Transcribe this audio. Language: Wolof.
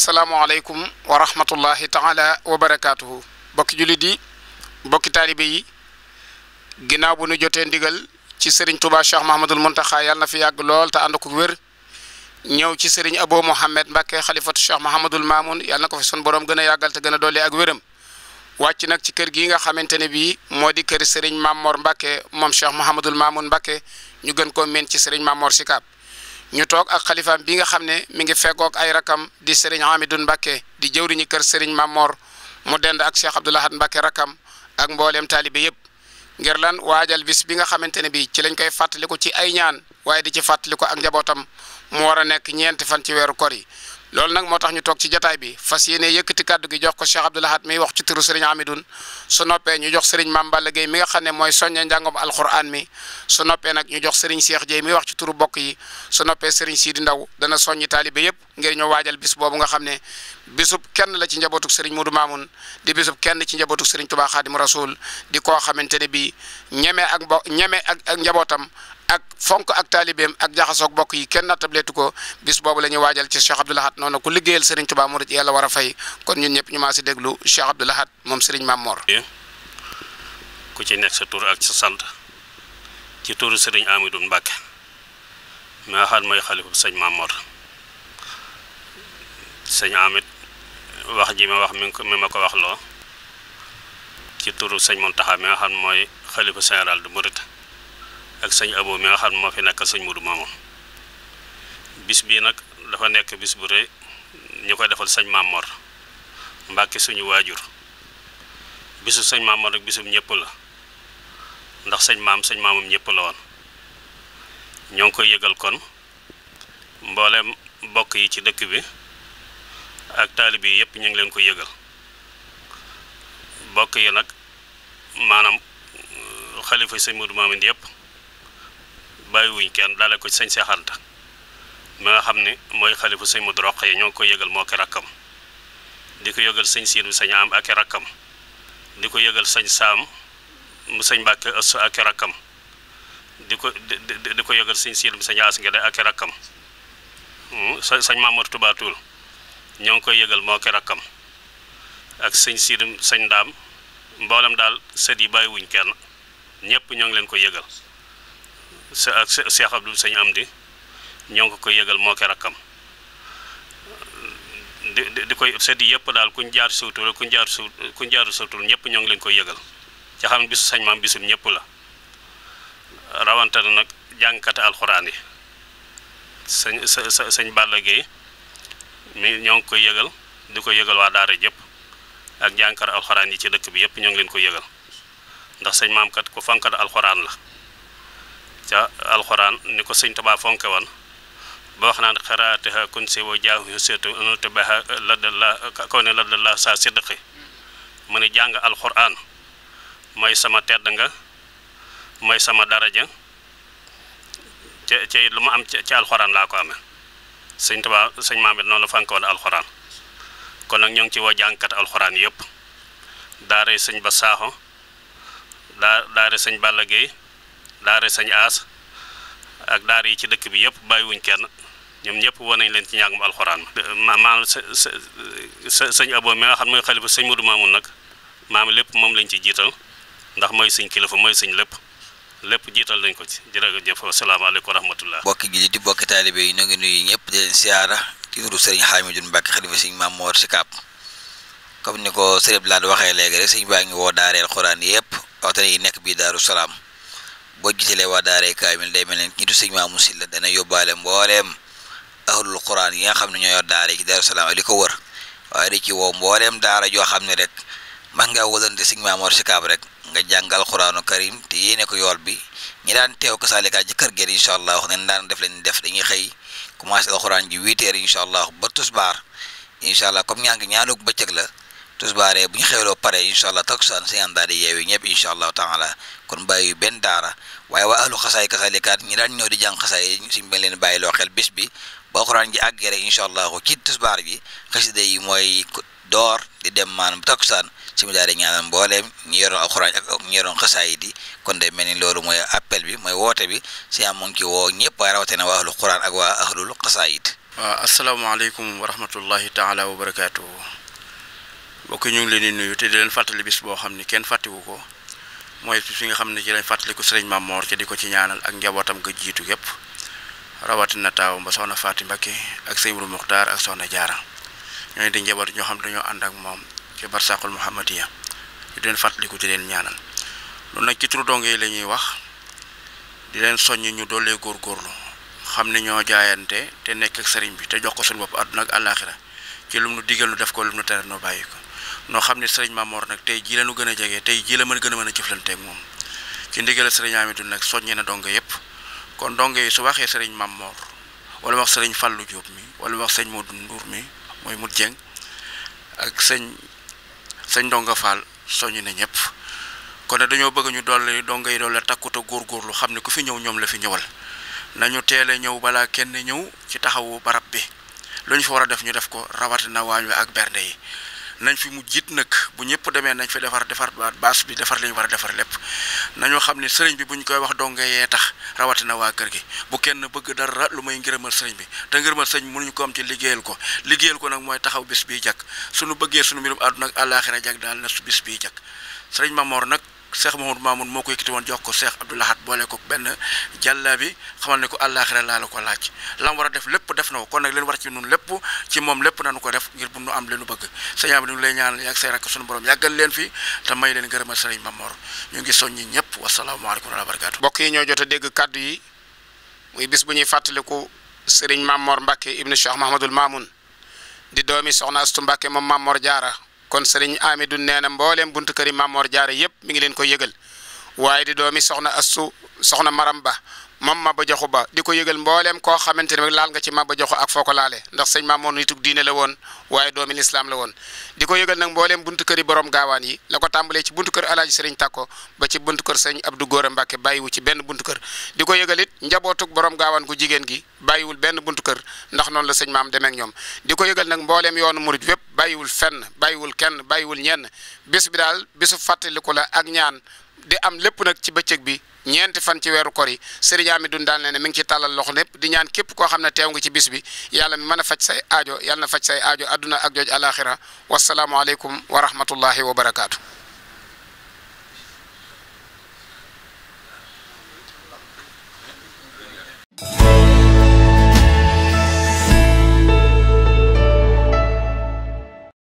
asalaamualeykum wa rahmatullahi taala wa barakaatuhu bokki jullit yi bokki taalibe yi ginnaaw bu nu jotee ndigal ci sëriñ Touba Cheikh Mahamadul Muntaxa yàlla na fi lool te ànd ko ci sëriñ Abo Mouhamed Mbacke xalifatu Cheikh Mahamadul Mamoun yàlla ko fi sun borom gën a yàggal te gën a ak wéram wàcc nag ci kër gi nga xamante ne bii moo di kër sëriñ Mamor Mbacke moom Cheikh Mahamadul Mamoun Mbacke ñu gën koo mën ci sëriñ Mamor Sikaab ñu toog ak xalifaam bi nga xam ne mi ngi feggoog ay rakam di Serigne Amidoune mbake di jëw jëwriñu kër Serigne Mamor mu dend ak Cheikh Abdoul Ahad Mbakke rakam ak mbooleem taalibe yëpp ngir lan waajal bis bi nga xamante ne bii ci lañ koy fàttaliku ci ay ñaan waaye di ci fàttaliku ak njabootam mu war a nekk ñeenti fan ci weeru kor yi loolu nag moo tax ñu toog ci jataay bi fas yéene yëkkati kàddu gi jox ko Cheikh Abdoul Ahad mi wax ci turu Serigne Amidoun su noppee ñu jox Serigne Mame Balla Gueye mi nga xam ne mooy soññe njàngom alquran mi su noppee nag ñu jox Serigne Cheikh Dieye mi wax ci turu bokk yi su noppee Serigne Sidi Ndaw dana soññi taalibe yëpp ngir ñu waajal bis boobu nga xam ne bisub kenn la ci njabootuk Serigne Modou Mamoun di bisub kenn ci njabootuk Serigne Touba Khadim Rasoul di koo xamante ne bi ñeme ak mbo ñeme ak ak njabootam fonk ak taalibeem ak jaxasoog bokk yi kenn nattableetu ko bis boobu la ñuy waajal ci Cheikh Abdoul Ahad noonu ku liggéeyal Serigne Touba mu rëcc wara a fay kon ñun ñëpp ñu maa si déglu Cheikh Abdoul Ahad moom Serigne Mame Mor. ku ci nekk sa tur ak sa sant ci turu sëriñ Amidou Mbacke maa mooy xalifu sëñ Mame Mor wax ji ma wax mi ko wax loo ci sëñ Mountakha mi nga xam mooy xalifa général du Mouride. ak sëñ abo mi nga xam ne moo fi nekkal sëñ Modou Mamoun bis bii nag dafa nekk bis bu rëy ñu koy defal sëñ Mamor Mbàkke suñu waajur bisu sëñ Mamor nag bisum ñëpp la ndax sañ maam sëñ maamam ñëpp la woon ñoo ngi koy yëgal kon mboolem mbokk yi ci dëkk bi ak taalib yi yëpp ñu ngi leen koy yëgal mbokk yi nag maanaam xalifa sëñ Modou Mamoun yëpp. bàyyiwuñ kenn dale ko sañ seexanta Anta ma nga xam ne mooy xalifu sëñ Modou Rokhaya ñoo ngi koy yëgal moo ki rakkam di ko yëgal sëñ Siinu sëñ ak i rakkam di ko yëgal sëñ Saam mu sëñ Mbàkke Ëss ak rakkam di ko di ko yëgal sëñ Siinu sëñ As Ngede ak i rakkam hmm, sëñ Mamour ñoo ngi koy yëgal moo ki rakkam ak sëñ Siinu sëñ Ndaam mboolem daal sët yi bàyyiwuñ kenn ñëpp ñoo ngi leen ko yëgal ak Cheikh Abdou Sëñ Amdi ñoo ngi ko koy yëgal moo ko rakkam di di koy sedd yëpp daal kuñ jaar suutul kuñ jaar suut kuñ jaar suutul ñëpp ñoo ngi leen koy yëgal ci xam ne bisu sañ maam bisul ñëpp la rawante nag jàngkate alxuraan yi sañ sa sañ Balla Gueye mi ñoo ngi koy yëgal di koy yëgal waa daara yëpp ak jàngkar alxuraan yi ci dëkk bi yëpp ñoo ngi leen koy yëgal ndax sañ maam kat ku fankat alxuraan la ca alxuraan ni ko sëñ Tuubaa fonke woon ba wax naan xaraatiha kun si wa jaahu seetu te baaxa saa sidqi mu ne jàng alxuraan mooy sama tedd nga mooy sama daraja ca ca lu ma am ci alxuraan laa ko amee sëñ Tuubaa sëñ Maam noonu la fonke woon alxuraan kon nag ñoo ngi ci woo jàngkat alxuraan yëpp daara sëñ ba saaxo daa daara sëñ Balla Gueye daara sañ aas ak daara yi ci dëkk bi yëpp bàyyiwuñ kenn ñoom ñëpp woon nañ leen ci njàngum alxuraan ma maanaam sa sa sëñ aboo mi nga xam mooy xalifa sëñ Modou Mamoun nag maam lépp moom lañ ci jiital ndax mooy suñ kilifa mooy suñ lépp lépp jiital lañ ko ci jërëjëf asalaamaaleykum wa rahmatullah bokki jullit yi bokki taalibe yi ñu ngi nuyu ñëpp di leen siyaara ci turu sëriñ Hamidou Mbacke xalifa sëñ Maam Mor Sicap comme ni ko sëriñ Blad waxee léegi rek sëñ baa ngi woo daare xuraan yëpp waxtaan yi nekk bii Daaru Salaam boo gisalee waa daaray kaamil day mel ne ñi du sëñ Maamu Silla dana yóbbaale mbooleem ahlul quran yi nga xam ne ñoo yor daara ci Daaru Salaam li ko wër waaye di ci woo mbooleem daara joo xam ne rek man ngaa wëlante sëñ Maamoor Sikaab rek nga jàngal quraanu karim te yéene ko yool bi ñi daan teew ko saalika ci kër gi incha allah wax ne daan def leen def dañuy xëy commencé alxuraan ji huit heures incha allah ba tusbaar incha allah comme ñaa ngi ñaanug bëccëg la tusbaaree bu ñu xewloo pare incha allah takusaan si ànd daal di yeewi ñëpp incha allahu taala kon bàyyi benn daara waaye waa ahlu xasaay kasaalikaat ñi daan ñëw di jàng xasaay suñ bañ leen bàyyi loo xel bis bi boo xuraan ji àggee rek incha allahu ci tusbaar bi xasida yi mooy door di dem maanaam takusaan si mu daal di ñaanal mbooleem ñu yoroon alxuraan ak di kon day mel ni loolu mooy bi mooy woote bi si am mu ñëpp waaye rawatina waa ahlul quran ak waa ahlul xasaayid. waaw wa rahmatullahi mbokk ñu ngi leen di nuyu te di leen fàttali bis boo xam ni kenn fàttiwu ko mooy fi nga xam ne ci lañ fàttaliku sëriñ Maam ca di ko ci ñaanal ak njabootam ga jiitu yépp rawatina taawam ba soxna Faati Mbakke ak sëñ Ibru Muxtaar ak soxna Jaara ñooñu di njaboot ñoo xam ne dañoo ànd ak moom ci barsaqul Muhammadiya di leen fàttaliku di leen ñaanal loolu nag ci turu donge yi la ñuy wax di leen soññ ñu doolee góorgóorlu xam ne ñoo jaayante te nekk ak sëriñ bi te jox ko suñu bopp àdduna ak àllaaxira lu mu nu def ko lu mu nu tere nu ko noo xam ne seriñ mamoor nag tey jii la gën a tey jii la mën gën a mën a jëflanteeg moom ci ndigal sëriñ Amidou nag soññee na donga yëpp kon donga yi su waxee sëriñ Mamor wala wax sëriñ Fallou Diop mi walla wax sëñ Modou Ndour mi mooy Modou Dieng ak sëñ sëñ Ndonga Fall soññ na ñëpp kon nag dañoo bëgg ñu dolli donga yi doole takku te góorgóorlu xam ne ku fi ñëw ñoom la fi ñëwal nañu teel a ñëw balaa kenn ñëw ci taxawu barab bi lu ñu fa war a def ñu def ko rawatina waañ wi ak bernde yi. nañ fi mu jiit nag bu ñëpp demee nañ fi defar defar baas bi defar li war a defar lépp nañoo xam ne sëriñ bi bu koy wax donge yee tax rawatina waa kër gi bu kenn bëgg dara lu may ngërëmal sëriñ bi te ngërëmal sëriñ bi mënuñu ko am ci liggéeyal ko liggéeyal ko nag mooy taxaw bis bii jàkk suñu bëggee suñu mbirum àdduna ak àllaaxira jàkk daal na su bis bii jàkk sëriñ Mamor nag Cheikh Mahamadou Mamoun moo ko yëkkati jox ko Cheikh Abdou Lahad boole ko benn jàlla bi xamal ne ko àllaaxira laa la ko laaj lam war a def lépp def na ko kon nag leen war ci nun lépp ci moom lépp nañu ko def ngir bu nu am leenu bëgg sëñ bi ñu ngi lay ñaanal yàgg say rakk suñu borom yàggal leen fi te may leen gërëmal sëriñ Mamor ñu ngi soññi ñëpp wasalaamaaleykum wa barakaatu mbokk yi ñoo jot a dégg kàddu yi muy bis bu ñuy fàttaliku sëriñ Mamor Mbacke ibnu Cheikh kon sëriñ Amidou nee na mbooleem buntu kër yi Mamor Jaara yëpp mi ngi leen koy yëgal waaye di doomi soxna Assu soxna Maram Ba moom Maba Jaxu Ba di ko yëgal mbooleem koo xamante ne laal nga ci Maba Jaxu ak foo ko laale ndax sëñ Maam Moor nitug diine la woon waaye doomi lislaam la woon di ko yëgal nag mbooleem buntu kër yi borom gaawaan yi la ko tàmbalee ci buntu kër alaaji sëriñ Tàkko ba ci buntu kër sëñ Abdou Góora Mbàkke bàyyiwu ci benn buntu kër di ko yëgal it njabootug borom gaawaan gu jigéen gi bàyyiwul benn buntu kër ndax noonu la sëñ maam demee ñoom di ko yëgal nag mbooleem yoonu murit wépp bàyyiwul fenn bàyyiwul kenn bàyyiwul ñenn bis bi daal bisu fàttaliku la ak ñaan di am lépp nag ci bëccëg bi ñeenti fan ci weeru kor yi sëriñ Amidou Ndane ne ne mi ngi ci tàllal loxo lépp di ñaan képp koo xam ne teew nga ci bis bi yàlla mi mën a faj say aajo yalla na faj say aajo adduna ak jooj alaaxira wasalaamualeykum wa rahmatullahi wa barakaatu.